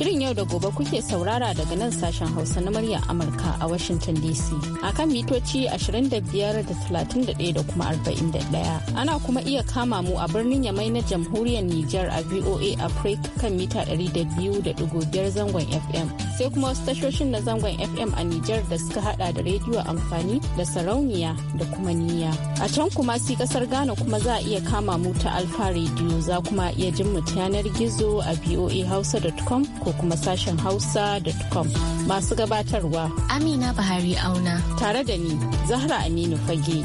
Shirin yau da gobe kuke saurara daga nan sashen Hausa na murya Amurka a Washington DC a kan mitoci 25 da da kuma Ana kuma iya kama mu a birnin Yamai na jamhuriyar Nijar a VOA Africa kan mita 200.5 zangon FM. Sai kuma wasu tashoshin na zangon FM a Nijar da suka hada da rediyo amfani da sarauniya da kuma niyya. A can kuma si kasar Ghana kuma za a iya kama mu ta Alfa rediyo za kuma iya jin mu ta yanar gizo a voahausa.com ko ko kuma sashen hausa.com masu gabatarwa amina bahari auna tare da ni zahra aminu fage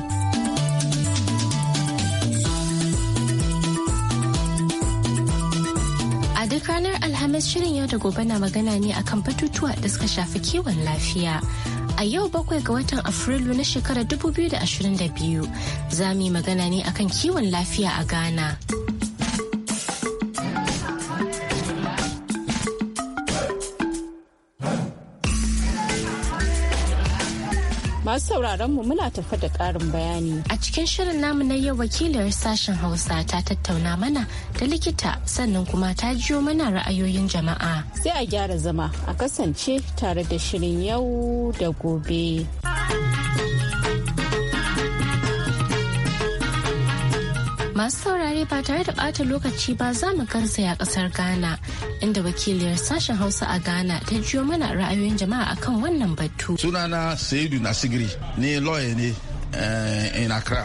a duk ranar alhamis shirin yau da gobe na magana ne akan batutuwa da suka shafi kiwon lafiya a yau bakwai ga watan afrilu na shekarar 2022 za mu yi magana ne akan kiwon lafiya a ghana masu sauraron mu muna tafa da ƙarin bayani. A cikin shirin namu na yau wakilar sashen Hausa ta tattauna mana da likita sannan kuma ta jiyo mana ra'ayoyin jama'a. Sai a gyara zama a kasance tare da shirin yau da gobe. Masu saurare ba tare da bata lokaci ba za mu garzaya kasar Ghana inda wakiliyar sashen Hausa a Ghana ta jiyo mana ra'ayoyin jama'a akan wannan batu. Sunana Saidu Nasigiri ni lawyer ne eh, in Accra.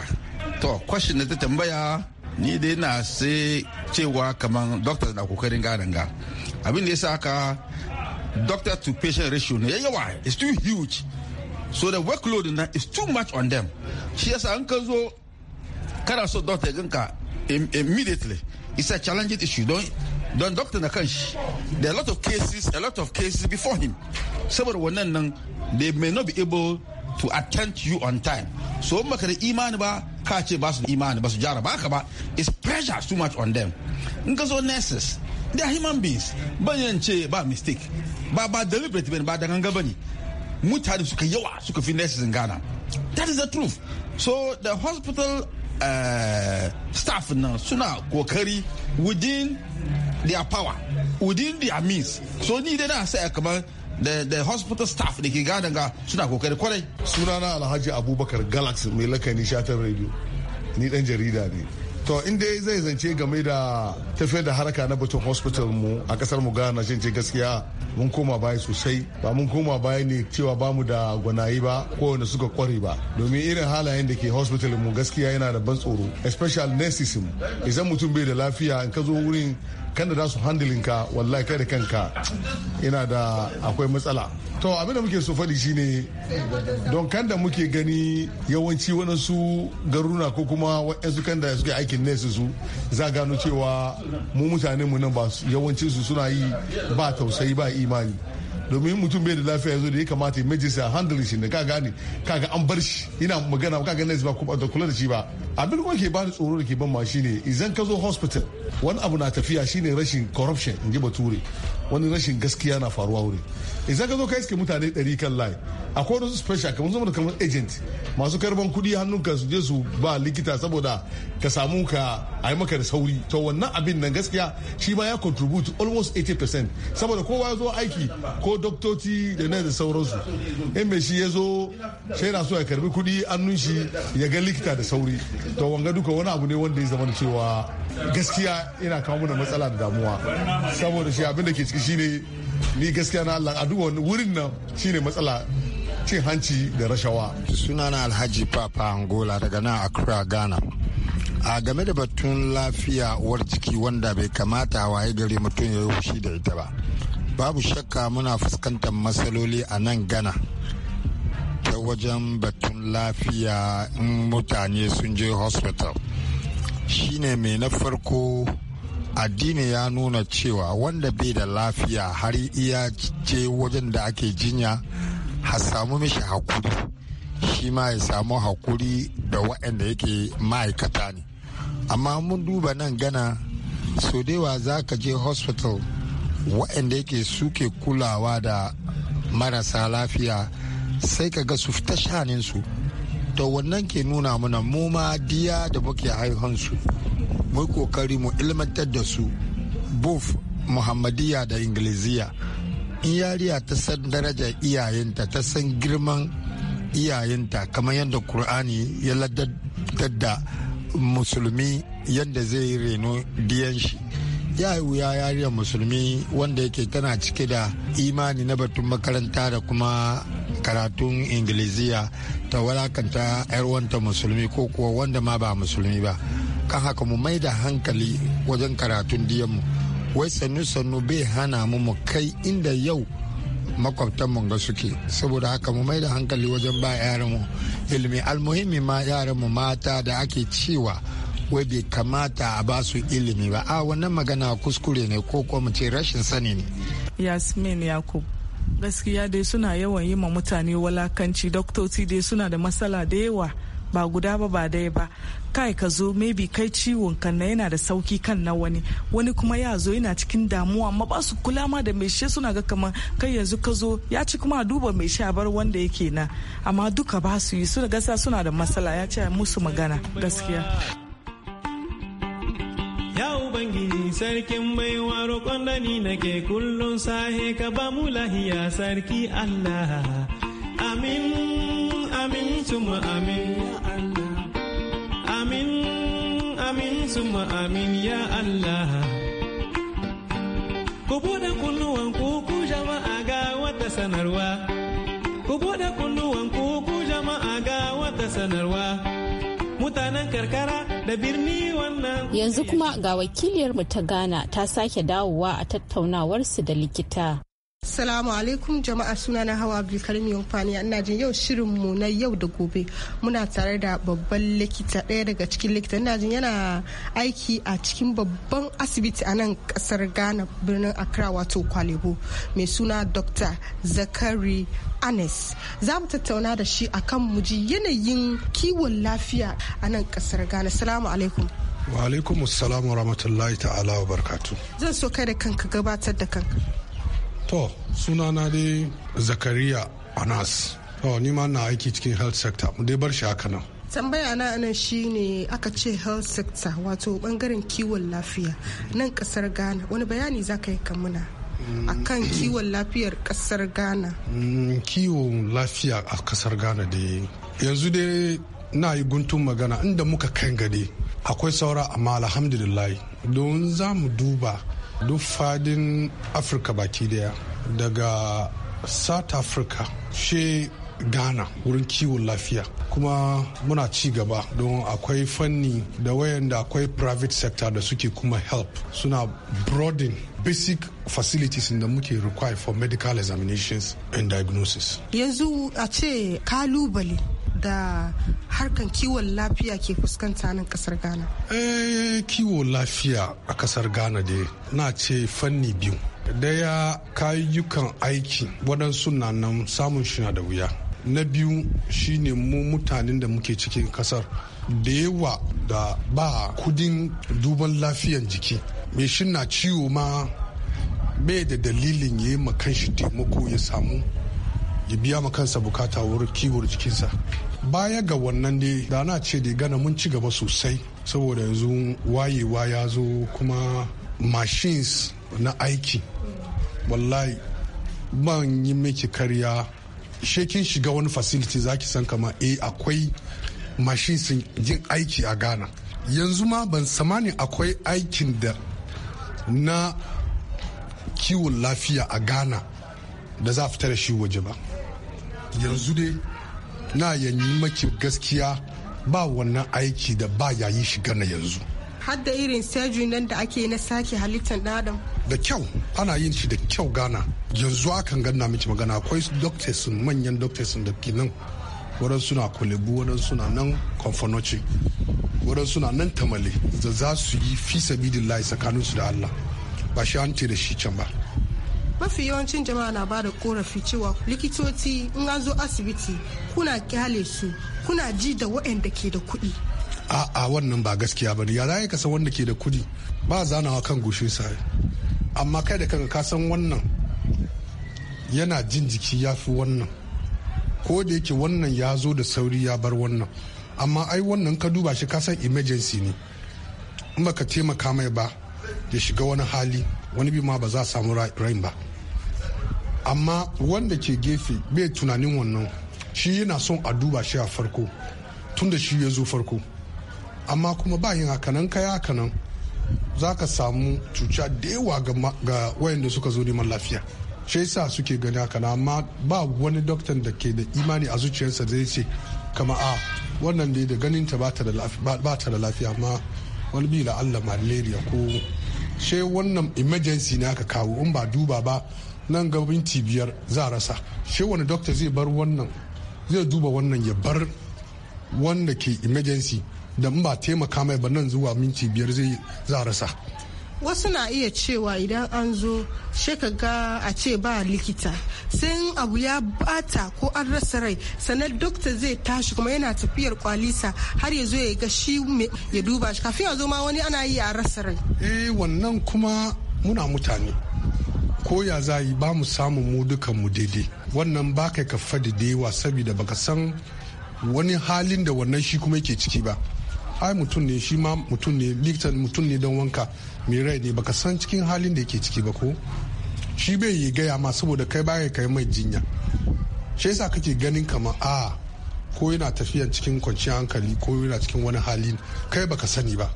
To, question na ta tambaya ni dai na sai cewa kamar doctor na kokarin ganin ga abin da ya sa ka doctor to patient ratio na yawa is too huge so the workload na is too much on them shi yasa an ka zo kana so doctor ya ganka immediately it's a challenging issue don don doctor na kan shi there are a lot of cases a lot of cases before him saboda wannan nan they may not be able to attend to you on time so in baka da imani ba ka ce ba su imani ba su jara ba ka ba it's pressure too much on them in ka zo nurses they are human beings yan ce ba mistake ba ba deliberate ba da ganga bane mutane suka yawa suka fi nurses in Ghana that is the truth so the hospital Eh, staff nan suna kokari within their power within their means so ni dai na sai kamar The, hospital staff da ke gadon ga suna kokari kwarai sunana alhaji abubakar galaxy mai lakani shatar radio ni dan jarida ne to inda zai zance game da tafiyar da haraka na batun hospital mu a kasar mu ghana shi gaskiya mun koma baya sosai ba mun koma baya ne cewa ba mu da gwanayi ba ko wanda suka kware ba domin irin halayen da ke hospital mu gaskiya yana da ban tsoro especially nurses mu idan mutum bai da lafiya in ka zo wurin kan da su handling ka wallahi kai da kanka yana da akwai matsala to abin da muke so faɗi shine don kanda muke gani yawanci waɗansu garuna ko kuma waɗansu kan suke aikin nesa su za gano cewa mu mutane mu nan ba yawancin suna yi ba tausayi ba imani domin mutum bai da lafiya yanzu da ya kamata ya maje sa handle shi ne ka gane kaga an bar shi ina magana kaga nurse ba ku da kula da shi ba abin kuma ke ba da tsoro da ke ban ma shine idan ka zo hospital wani abu na tafiya shine rashin corruption in ji bature wani rashin gaskiya na faruwa wuri idan ka zo ka iske mutane ɗari kan layi akwai wasu special kamar zama kamar agent masu karban kuɗi hannun ka su je su ba likita saboda ka samu ka a yi maka da sauri to wannan abin nan gaskiya shi ma ya contribute almost 80% saboda kowa ya zo aiki ko doktoci da na da sauransu in mai shi ya zo shaida so ya karbi kuɗi hannun shi ya ga likita da sauri to wanga duka wani abu ne wanda ya zama cewa gaskiya yana kawo mana matsala da damuwa saboda shi abin da ke ciki shine ni gaskiya na Allah a wani wurin nan shine matsala cin hanci da rashawa. Sunana Alhaji Papa Angola daga nan Accra, Ghana. A game da batun lafiya uwar jiki wanda bai kamata waye gari mutum ya yi da ita ba. Babu shakka muna fuskantar matsaloli a nan Ghana. Ta wajen batun lafiya in mutane sun je hospital. Shine mai na farko addini ya nuna cewa wanda bai da lafiya har iya je wajen da ake jinya ha samu mishi hakuri shi ma ya samu hakuri da waɗanda yake ma'aikata ne amma mun duba nan gana so dewa za ka je hospital waɗanda yake suke kulawa da marasa lafiya sai ka ga su fita shaninsu su to wannan ke nuna mana mu ma diya da muke haihansu mu kokari mu ilmantar da su buf muhammadiya da ingiliziya in yariya ta san daraja iyayenta ta san girman iyayenta kamar yadda kur'ani ya ladar da musulmi yadda zai yi reno diyan shi ya yi wuya yariyar musulmi wanda yake tana cike da imani na batun makaranta da kuma karatun ingiliziya ta walakanta 'yar musulmi ko kuwa wanda ma ba musulmi ba kan haka mu mai da hankali wajen karatun diyanmu wai sannu-sannu bai hana mu mu kai inda yau makwabtanmu ga suke saboda haka mu mai da hankali wajen ba yaranmu ilimi almuhimmi ma yaranmu mata da ake cewa wai bai kamata a ba su ilimi ba a wannan magana kuskure ne ko kuma ce rashin sani ne yasmin yakub gaskiya dai suna yawan yi ma mutane walakanci doktoci dai suna da matsala da yawa ba guda ba ba dai ba kai ka zo maybe kai ciwon kan na yana da sauki kan na wani wani kuma ya zo yana cikin damuwa amma ba su kula ma da mai she suna ga kamar kai yanzu ka zo ya ci kuma duba mai sha bar wanda yake na amma duka ba su yi suna gasa suna da matsala ya ce musu magana gaskiya sarkin baiwa roƙon dani nake kullum sahe ka ba mu lahiya sarki Allah. Amin, amin, suma amin, ya Allah. Amin, amin, suma amin, ya Allah. Ku bude kunnuwan ku ku jama'a ga wata sanarwa. Ku bude kunnuwan ku ku jama'a ga wata sanarwa. mutanen karkara da birni wannan yanzu kuma ga wakiliyar mu ta ghana ta sake dawowa a tattaunawarsu da likita Assalamu alaikum jama'a suna na hawa Abdulkarim Yunfani ina jin yau shirin mu na yau da gobe muna tare da babban likita ɗaya daga cikin likita ina jin yana aiki a cikin babban asibiti a nan kasar Ghana birnin Accra wato Kwalebo mai suna Dr. Zakari Anes za mu tattauna da shi akan mu ji yanayin kiwon lafiya a nan kasar Ghana salamu alaikum wa alaikum wa rahmatullahi ta'ala wa barkatu zan so kai da kanka gabatar da kanka to sunana dai zakariya anas to ni ma na aiki cikin health sector mu dai bar shi haka nan tambaya na anan ne aka ce health sector wato bangaren kiwon lafiya nan kasar ghana wani bayani za ka yi kamuna a kan kiwon lafiyar kasar ghana mm, kiwon lafiya a kasar ghana dai yanzu dai na yi guntun magana inda muka kan gade akwai saura amma alhamdulillah don za mu duba duk fadin afirka baki daya daga south africa she ghana wurin kiwon lafiya kuma muna ci gaba don akwai fanni da wayanda akwai private sector da suke kuma help suna broaden basic facilities da muke require for medical examinations and diagnosis yanzu a ce kalubale da harkan kiwon lafiya ke fuskanta nan kasar ghana eh kiwon lafiya a kasar ghana dai na ce fanni biyu daya kayayyukan aiki waɗansu na nan samun shi da wuya na biyu shine mu mutanen da muke cikin kasar da yawa da ba kudin duban lafiyan jiki mai shi na ciwo ma bai da dalilin ya yi kanshi taimako ya samu ya biya ma kansa bukata wurin kiwon jikinsa baya ga wannan ne da na ce da gana mun ci gaba sosai saboda yanzu wayewa ya zo kuma machines na aiki wallahi ban yi miki karya shekin shiga wani facility zaki san kama e akwai machines jin aiki a ghana yanzu ma ban samani akwai aikin da na kiwon lafiya a ghana da za fita da shi waje ba yanzu dai na yanyi maki gaskiya ba wannan aiki da ba ya yi shiga na yanzu hadda irin surgery nan da ake na sake halittar adam da kyau ana yin shi da kyau gana yanzu akan ganna miki magana akwai doctors manyan doctors da ke nan wadansu suna kulebu wadansu suna nan konfonoci wadansu suna nan tamale da za su yi fi sabidin layi tsakaninsu da allah ba shi an ce da shi can ba mafi yawancin jama'a na bada korafi cewa likitoci in an zo asibiti kuna kyale su kuna ji da waɗanda ke da kuɗi a'a wannan ba gaskiya ba ne ya zai kasan wanda ke da kuɗi ba zanawa kan sa amma kai da kanka ka san wannan yana jin jiki ya fi wannan ko da yake wannan ya zo da sauri ya bar wannan amma ai wannan ka duba shi kasan emergency ne in baka taimaka mai ba ya shiga wani hali wani bi ma ba za a samu rain ba amma wanda ke gefe bai tunanin wannan shi yana son a duba shi a farko tun da shi ya zo farko amma kuma ba yin hakanan kaya hakanan za ka samu cuta da yawa ga wayanda suka zo neman lafiya shi sa suke gani hakanan amma ba wani doktan da ke da imani a zuciyarsa zai ce kama a ah, wannan dai da ganin ta ba ta da lafiya amma wani bi la'alla malaria ko shi wannan emergency ne aka kawo in ba duba ba nan ga minti biyar za a rasa shi wani dokta zai bar wannan zai duba wannan ya bar wanda ke emergency da ba taimaka mai ba nan zuwa minti biyar zai za a rasa wasu na iya cewa idan an zo shekaga a ce ba likita sai abu ya bata ko an rasa rai sannan dokta zai tashi kuma yana tafiyar kwalisa har ya zo ya ga shi ya duba shi kafin a zo ma wani ana yi a rasa rai eh wannan kuma muna mutane ko ya za yi ba mu samun mu dukan mu daidai wannan ba kai kafa da yawa saboda baka san wani halin da wannan shi kuma yake ciki ba ai mutum ne shi ma mutum ne likitan mutum ne don wanka mai rai ne baka san cikin halin da yake ciki ba ko shi bai yi gaya ma saboda kai baya kai mai jinya shi yasa kake ganin kamar a ko yana tafiya cikin kwanciyar hankali ko yana cikin wani hali kai baka sani ba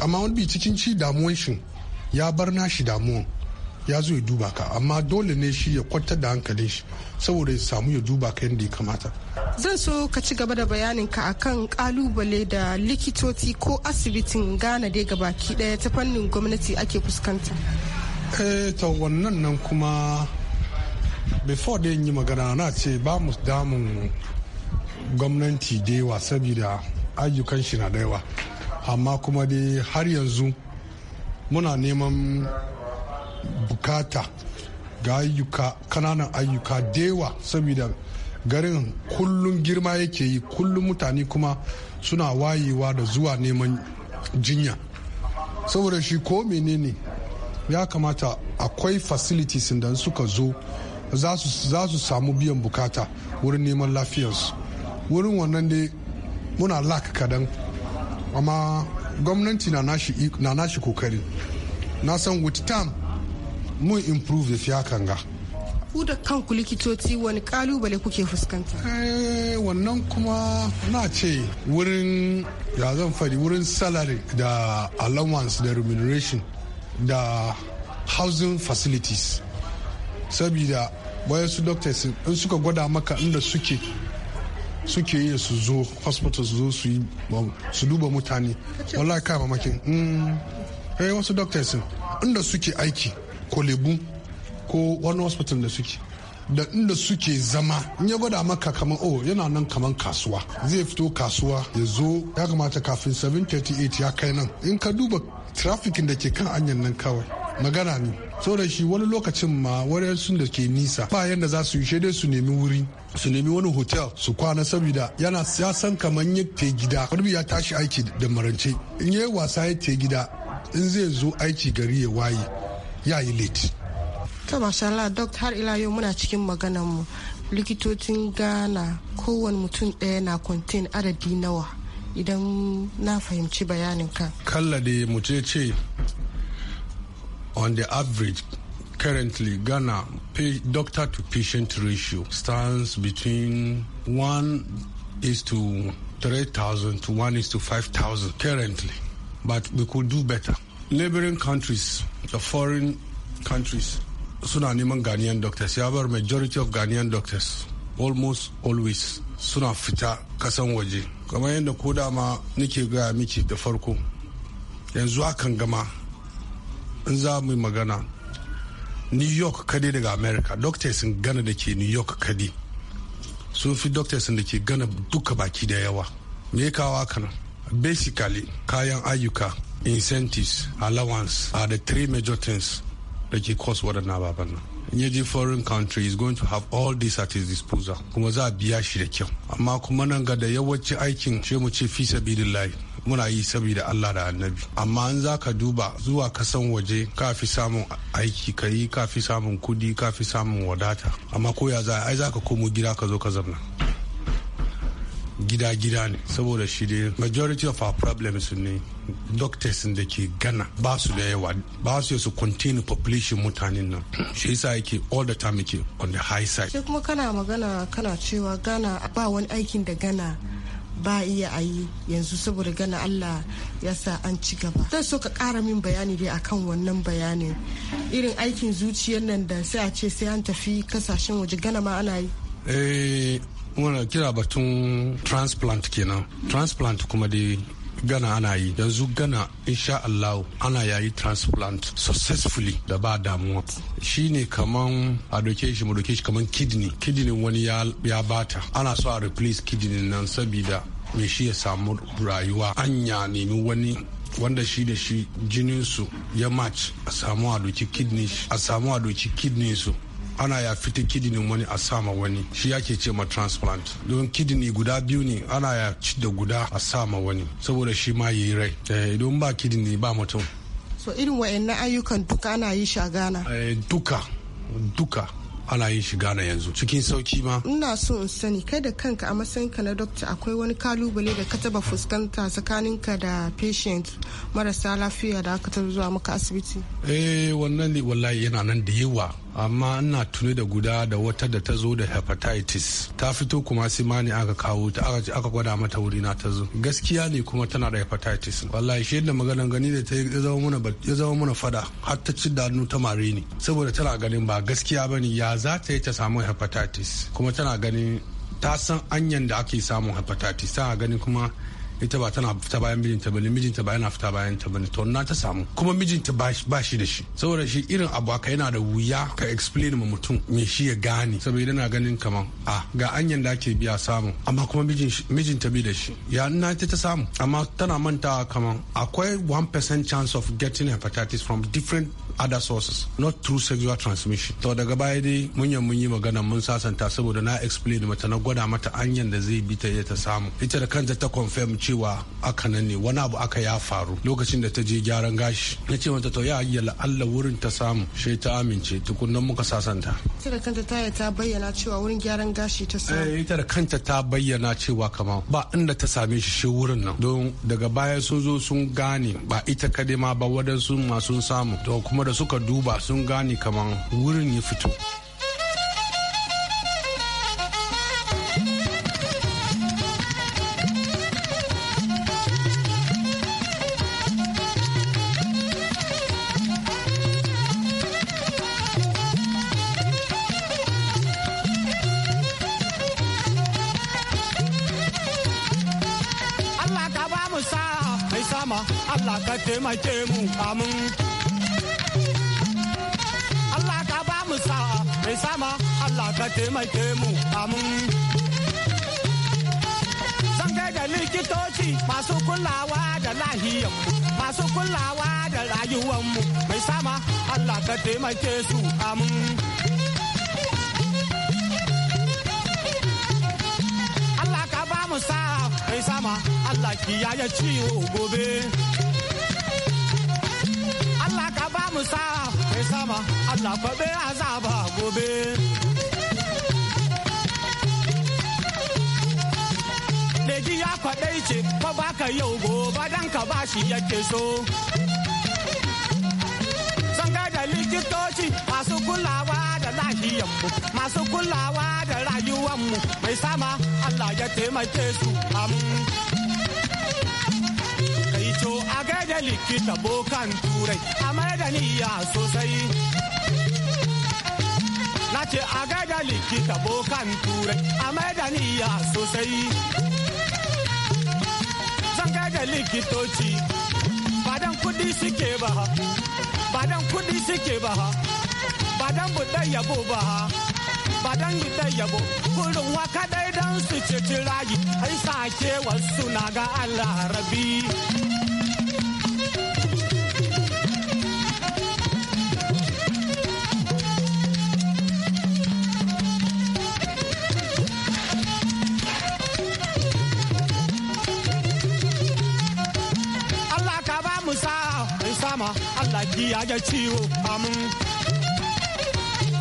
amma wani bi cikin ci damuwan shi ya bar nashi damuwan ya zo ya duba ka amma dole ne shi ya kwantar da hankalin shi saboda ya samu ya duba ka yadda ya kamata zan so ka ci gaba da bayanin ka akan kalubale da likitoci ko asibitin ghana dai baki daya ta fannin gwamnati ake fuskanta eh ta wannan nan kuma before da yi magana na ce ba mu damun gwamnati da yawa saboda ayyukan shi na da yawa amma kuma dai har yanzu muna neman bukata ga ayyuka kananan ayyuka dewa saboda garin kullum girma yake yi kullum mutane kuma suna wayewa da zuwa neman jinya saboda shi ko menene ya kamata akwai facilities da suka zo za su samu biyan bukata wurin neman lafiyarsu wurin wannan dai muna lak kadan amma gwamnati na nashi kokari na san with time mun improve ya kanga ku da kanku likitoci wani kalubale kuke fuskanta eh, wannan kuma na ce wurin ya zan fari wurin salary da allowance da remuneration da housing facilities sabida su doctors in suka gwada maka inda suke suke yi su zo hospital su zo su yi su duba mutane wallahi kama makin mm. eh wasu doctors inda suke aiki kolebu ko wani hospital da suke da inda suke zama in ya gwada maka kamar oh yana nan kamar kasuwa zai fito kasuwa ya zo ya kamata kafin 738 ya kai nan in ka duba trafikin da ke kan anyan nan kawai magana ne so da shi wani lokacin ma wani sun da ke nisa ba yadda za su yi shaidai su nemi wuri su nemi wani hotel su kwana saboda yana ya san kamar ya te gida wani ya tashi aiki da marance in yi wasa ya te gida in zai zo aiki gari ya waye yayi yi late ta mashallah dok har ila yau muna cikin mu likitocin ghana kowane mutum ɗaya na contain adadi nawa idan na fahimci bayanin ka kalla da mu ce ce on the average currently ghana doctor to patient ratio stands between 1 is to 3000 to 1 is to 5000 currently but we could do better neighboring countries da foreign countries suna neman ghanaian doctors ya bar majority of ghanaian doctors almost always suna fita kasan waje kamar yadda ko dama nake gaya miki da farko yanzu akan gama in za mu magana new york kadai daga america doctors gana da ke new york kadai sun fi doctors da ke gana duka baki da yawa me kawo kana basically kayan ayyuka incentives allowance are the three major things da ke cause waɗannan ababen in ya je foreign country is going to have all this at his disposal kuma za a biya shi da kyau amma kuma nan ga da yawanci aikin ce mu ce fi sabilillahi muna yi saboda Allah da annabi amma an za ka duba zuwa kasan waje kafi fi samun aiki ka yi ka fi samun kudi ka samun wadata amma ko ya za ai za ka komo gida ka zo ka zamna gida-gida ne saboda shi dai majority of our problems ne doctors da ke gana ba su da yawa ba su su contain population mutanen nan shi yasa yake all the time yake on the high side sai kuma kana magana kana cewa gana ba wani aikin da gana ba iya ayi yanzu saboda gana Allah ya sa an ci gaba. Zan so ka ƙara min bayani dai akan wannan bayanin irin aikin zuciyar nan da sai a ce sai an tafi kasashen waje gana ma ana yi. Eh, muna kira batun transplant kenan transplant kuma dai gana ana yi yanzu gana insha Allah ana yayi transplant successfully da ba damuwa shi ne kaman a doke shi mu doke shi kaman kidney kidney wani ya, bata ana so a replace kidney nan sabida me shi ya samu rayuwa an ya nemi wani wanda shi da shi jininsu ya match a samu a a samu a doki kidney su ana ya fita kidinin wani a sama wani shi yake ce ma transplant don kidini guda biyu ne ana ya ci da guda a sama wani saboda shi ma yi rai eh, don ba kidini ba mutum so irin wa'annan ayyukan duka ana yi shi a ghana eh, duka duka ana yin shi Ghana yanzu cikin sauki ma. Ina so in sani kai da kanka a ka na dokta akwai wani kalubale da ka taba fuskanta tsakaninka da patient marasa lafiya da aka zuwa maka asibiti. Eh wannan ne wallahi yana nan da yawa amma ina tuni da guda da wata da ta zo da hepatitis ta fito kuma sai ma ne aka kawo ta aka gwada mata wuri na ta zo gaskiya ne kuma tana da hepatitis wallahi shi da maganan gani da ta ya zama mana fada har ta ci da hannu ta mare ni saboda tana ganin ba gaskiya bane ya za ta yi ta samu hepatitis kuma tana ganin ta san anyan da ake samun hepatitis tana ganin kuma ita ba tana fita bayan mijinta bane mijinta ba yana fita bayan ta bane to na ta samu kuma mijinta ba shi da shi saboda shi irin abu aka yana da wuya ka explain ma mutum me shi ya gane saboda yana ganin kaman a ga anyan da ake biya samu amma kuma mijinta bi da shi ya na ta ta samu amma tana manta kaman akwai 1% chance of getting hepatitis from different other sources not through sexual transmission to daga baya dai munya mun yi magana mun sasanta saboda na explain mata na gwada mata anyan da zai bi ta ta samu ita da kanta ta confirm cewa aka nan ne wani abu aka ya faru lokacin da ta je gyaran gashi na ce mata to ya yi Allah wurin ta samu sai ta amince tukunnan muka sasanta ita da kanta ta ta bayyana cewa wurin gyaran gashi ta samu eh, ita da kanta ta bayyana cewa kama ba inda ta same shi shi wurin nan don daga baya sun zo sun gane ba ita kadai ma ba wadansu masu samu to kuma da suka duba sun gane kaman wurin ya fito Allah ka taimake mu amin. Allah ka taimake mu amin. Zan da likitoci masu kulawa da lahiyar masu kulawa da rayuwanmu mai sama Allah ka taimake su amin. Allah ka ba mu sa mai sama Allah kiyaye ciwo gobe. Allah ka ba mu sa mai sama Allah kwabe azaba gobe. Leji ya kwaɗai ce ka baka yau gobe dan ka ba shi yake so. da likitoci masu kulawa da lahiyanmu masu kulawa da rayuwanmu mai sama Allah ya taimake su am kai co a gaida likita bokan turai a mai da niyya sosai na ce a gaida likita bokan turai a mai da niyya sosai da likitoci badan kudi suke ba ha badan kudi suke ba ha badan budan yabo ba ha badan budan yabo kurin waka dai dan su ce rayu ai sake wasu na ga Allah rabi Allah ya ga ciwo amin. Um.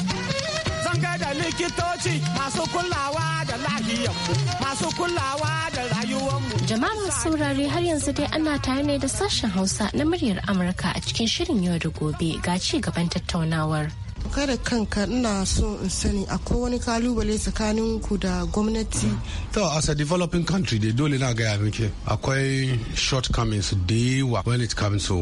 Zan da likitoci masu kulawa da ku masu kulawa da rayuwarmu Jama'a saurare har yanzu dai ana tare ne da sashen Hausa na muryar Amurka a cikin shirin yau da gobe ga ci gaban tattaunawar. kada kanka ina so in sani akwai wani kalubale tsakanin ku da gwamnati to as a developing country dai dole na gaya miki akwai shortcomings da yawa when it comes to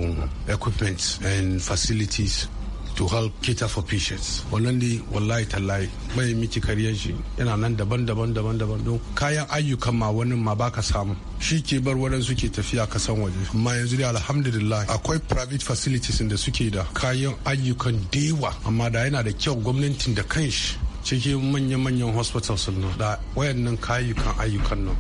equipment and facilities to help cater for patients wannan ne wallahi tallahi bai miki kariyar shi yana nan daban-daban daban-daban don kayan ayyukan ma wani ma baka samu shi ke bar wadan suke tafiya kasan waje amma yanzu dai alhamdulillah akwai private facilities da suke da kayan ayyukan dewa amma da yana da kyau gwamnatin da kanshi cikin manya-manyan hospitals nan da wayannan kayukan ayyukan nan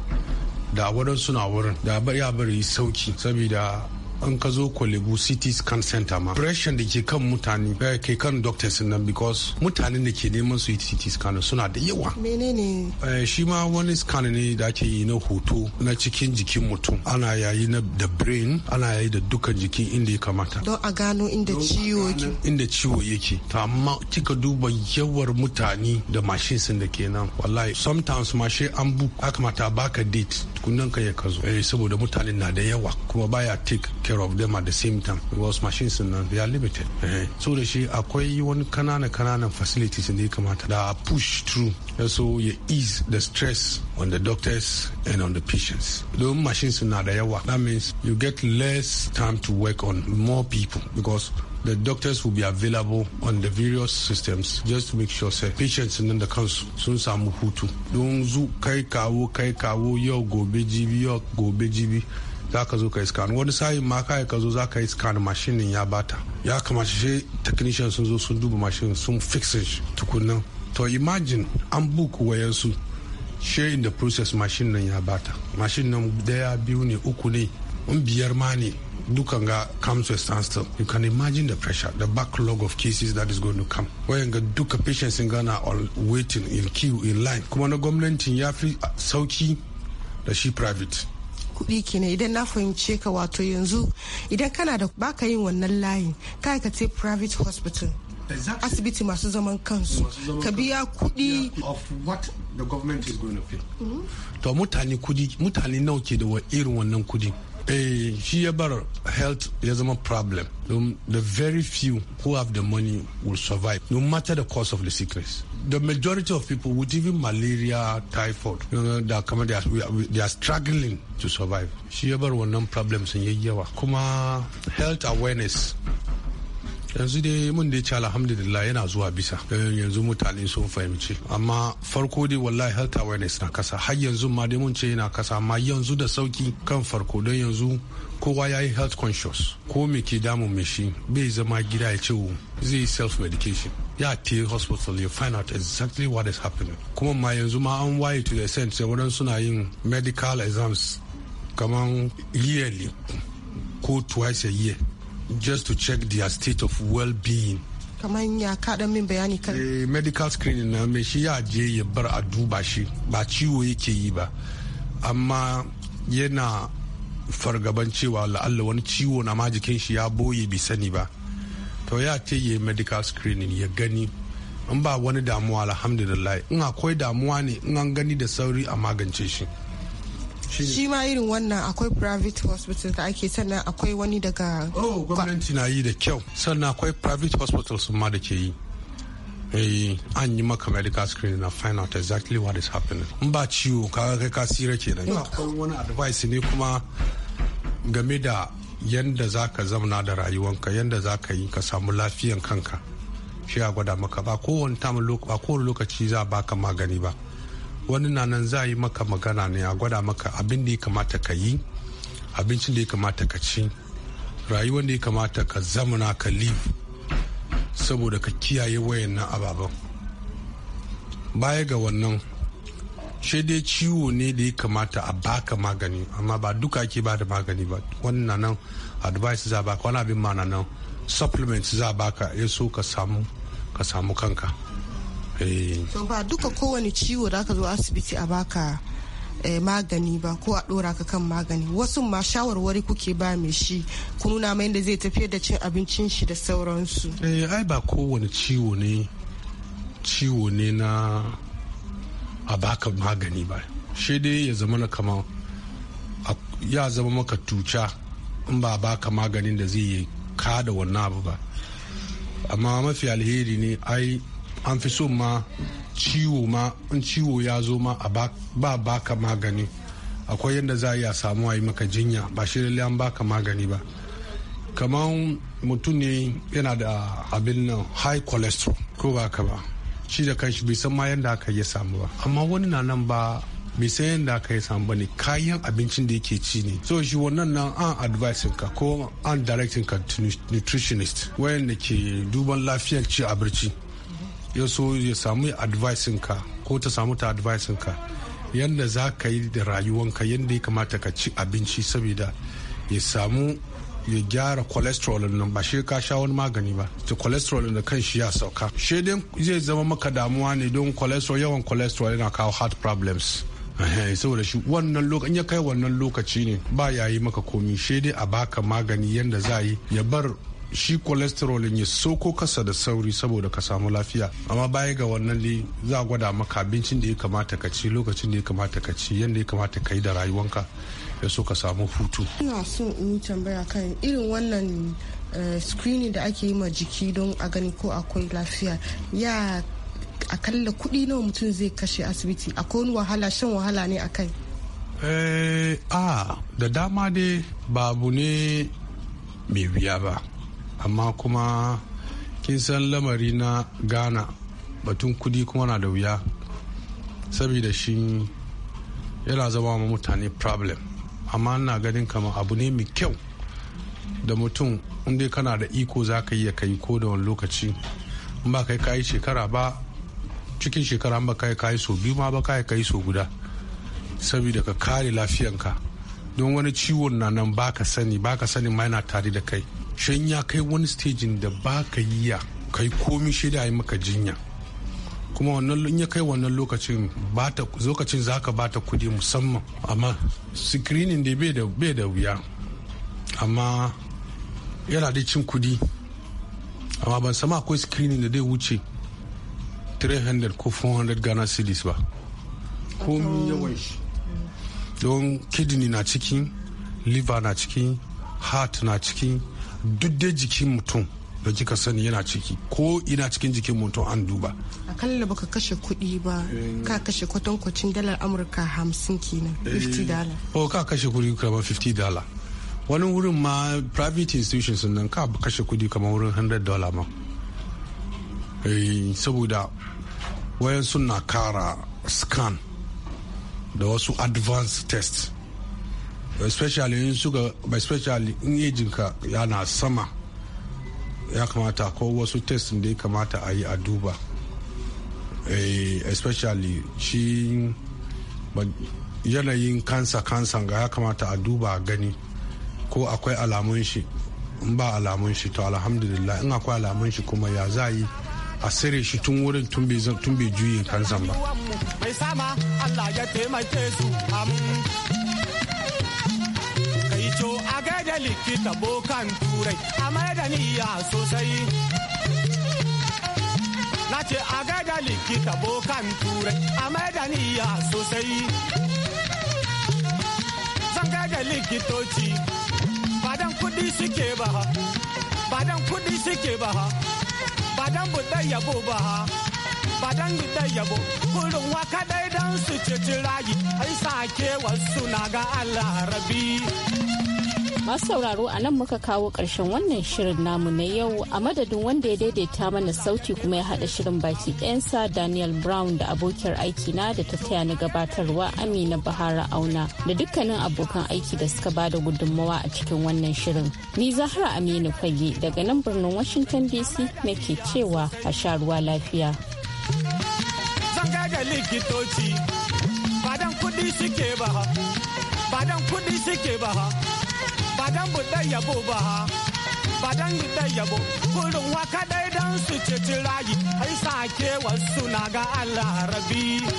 da wadansu na wurin da ya bari sauki saboda an ka zo kwalibu city scan center ma pressure da ke kan mutane ke kan doctors nan because mutanen da ke neman su yi city scan suna da yawa menene eh, shi ma wani scan ne da ake yi na hoto na cikin jikin mutum ana yayi na da brain ana yayi da dukkan jiki inda ya kamata don a gano inda ciwo yake inda ciwo yake to amma kika duba yawar mutane da machines sun da kenan wallahi sometimes ma she an bu akamata baka date kunnen ka ya kazo eh saboda mutane na da yawa kuma baya take care of them at the same time because machines nan they are limited eh so da shi akwai wani kanana kananan facilities da kamata da push through so ya ease the stress on the doctors and on the patients don machines na da yawa that means you get less time to work on more people because the doctors will be available on the various systems just to make sure say patients nan da kansu sun samu hutu don zu kai kawo kai kawo yau gobe jibi yau gobe jibi za ka zo ka yi scan wani sayin ma kai ka zo za ka yi scan mashinin ya bata ya kamace shi technician sun zo sun duba machine sun fix shi tukunan to imagine an buku wayansu she in the process mashin nan ya bata machine nan daya biyu ne uku ne in biyar ma ne dukan ga come to a standstill you can imagine the pressure the backlog of cases that is going to come wayan ga duka patients in Ghana are waiting in queue in line kuma na gwamnatin ya fi sauki da shi private kuɗi kenan idan na fahimce ka wato yanzu idan kana da baka yin wannan layin ka ka ce private hospital asibiti masu zaman kansu ka biya kuɗi mm-hmm. to mutane kuɗi mutane nawa ke da irin wannan kuɗi. eh shi ya bar health ya zama problem don the very few who have the money will survive no matter the cause of the sickness the majority of people with even malaria typhoid you know, they, are coming, they, are, they are struggling to survive shi ya bar wannan problems sun yawa kuma health awareness yanzu dai mun ya ci alhamdulillah yana zuwa bisa yanzu mutane sun fahimci amma farko dai wallahi health awareness na kasa har yanzu ma dai mun ce yana kasa amma yanzu da sauki kan farko don yanzu kowa ya yi health conscious ko me ke damun me shi bai zama gida ya ce zai self medication ya te hospital ya find out exactly what is happening kuma ma yanzu ma an waye to the sense wadansu suna yin medical exams kamar yearly ko twice a year just to check their state of well-being kamar ya kaɗa min bayani kan eh, medical screening na mai shi ya je ya bar a duba shi ba ciwo yake yi ba amma yana fargaban cewa la'alla wani ciwo na majikin shi ya boye bi sani ba to ya ce ya medical screening ya gani in ba wani damuwa alhamdulillah in akwai damuwa ne in an gani da sauri a magance shi shi ma irin wannan akwai private hospital da ake sannan akwai wani daga oh gwamnati na yi da kyau sannan akwai private hospital sun ma da ke yi eh, an yi maka medical screening na find out exactly what is happening in ba ciwo ka kai ke kenan akwai wani advice ne kuma game da yanda za ka zamana da rayuwanka yanda za ka yi ka samu lafiyan kanka shi a gwada maka ba kowane lokaci za baka magani ba wani na nan za a yi maka magana ne a gwada maka abin da ya kamata ka yi abincin da ya kamata ka ci rayuwar da ya kamata ka zamana ka live saboda ka kiyaye wayannan ababen baya ga wannan shi dai ciwo ne da ya kamata a baka magani amma ba duka ake ba da magani ba wani na nan advice za a baka wani abin ma na nan supplement za baka ya so ka ka samu kanka so eh. ba duka kowane ciwo da aka zo asibiti a baka eh, magani ba ko a dora ka kan magani wasu ma shawarwari kuke ba mai shi ku nuna mai da zai tafiya da cin abincin shi da sauransu eh ai ba kowane ciwo ne ciwo ne na a baka magani ba shi dai ya zama na kama ya zama maka tuca in ba a baka maganin da zai yi kada wannan abu ba amma mafi alheri ne ai an fi so ma ciwo ma in ciwo ya zo ma ba baka magani akwai yadda za a samu a yi maka jinya ba shi lalle an baka magani ba kamar mutum ne yana da abin nan high cholesterol ko ba ka ba shi da kanshi bai san ma yadda aka yi samu ba amma wani na nan ba bai san yadda aka yi samu ba ne kayan abincin da yake ci ne so shi wannan nan an advising ka ko an directing ka nutritionist Wayan da ke duban lafiyar ci abirci ya so ya samu advice ka ko ta samu ta advice ka yadda za ka yi da rayuwanka yadda ya kamata ka ci abinci saboda ya samu ya gyara cholesterol nan ba shi ka sha wani magani ba to cholesterol da kan shi ya sauka shi zai zama maka damuwa ne don cholesterol yawan cholesterol yana kawo heart problems saboda shi wannan lokaci ya kai wannan lokaci ne ba ya yi maka komi shi dai a baka magani yadda za yi ya bar shi cholesterol ya soko kasa da sauri saboda ka samu lafiya amma baya ga wannan ne za a gwada maka abincin da ya kamata ka ci lokacin da ya kamata ka ci yadda ya kamata ka yi da rayuwanka ya so ka samu hutu ina so in tambaya kan irin wannan eh, screening da ake yi ma jiki don a gani ko akwai lafiya ya akalla kuɗi nawa mutum zai kashe asibiti akwai wani wahala shan wahala ne a kai eh, a da dama dai babu ne mai wuya ba amma kuma kin san lamari na ghana batun kudi kuma na da wuya saboda shi yana zama ma mutane problem amma na ganin kama abu ne mai kyau da mutum inda kana da iko za ka iya kai ko da wani lokaci in ba kai kayi shekara ba cikin shekara ba kai kayi so biyu ma ba kai kayi so guda saboda ka kare lafiyanka don wani ciwon na nan ba ka sani ba ka sani ma yana tare da kai shan ya kai wani stejin da ba ka yi ya kai komi shaida yi maka jinya kuma wannan in ya kai wannan lokacin bata lokacin za ka bata kudi musamman amma screening da bai da bai da wuya amma yana da cin kudi amma ban sama akwai screening da zai wuce 300 ko 400 ghana cedis ba komi yawan shi mm. don kidney na ciki liver na ciki heart na ciki duk dai jikin mutum da kika sani yana ciki ko ina cikin jikin mutum an duba akalla baka kashe kuɗi ba ka kashe kwatankwacin dalar amurka hamsin kenan 50 dala ko ka kashe kuɗi kamar 50 dala wani wurin ma private institutions nan ka kashe kuɗi kamar wurin 100 dala ma eh, saboda wayan suna kara scan da wasu advanced tests especially in suga especially in ejinka yana sama ya kamata ko wasu test da ya kamata a yi a duba eh, especially shi yanayin kansa kansan ga ya kamata a duba a gani ko akwai alamun shi in ba alamun shi to alhamdulillah in akwai alamun shi kuma ya za yi a sare shi tun wurin tun bai juyin kansan ba. Mai sama Allah ya taimake su to a gaida likita bokan turai a mai da niyya sosai na ce a gaida likita bokan turai a mai da niyya sosai zan gaida likitoci badan kudi suke ba ha badan kudi suke ba ha badan budan yabo ba ha badan budan yabo kurin waka dai dan su ce rayi ai sake wasu na ga Allah rabi Masu sauraro a nan muka kawo ƙarshen wannan shirin namu na yau a madadin wanda ya daidaita mana sauti kuma ya haɗa shirin baki ɗayansa Daniel Brown da abokiyar aiki na da ta taya ni gabatarwa Amina Bahara Auna da dukkanin abokan aiki da suka ba da gudunmawa a cikin wannan shirin. Ni Zahra Aminu Fage daga nan birnin Washington DC nake cewa a sha ruwa lafiya. Zan likitoci, badan kuɗi suke ba, badan kudi suke ba. Badan dan buɗe yabo ba ha ba dan buɗe yabo kurin waka dai dan su ce rayu ai sake wasu na ga Allah rabi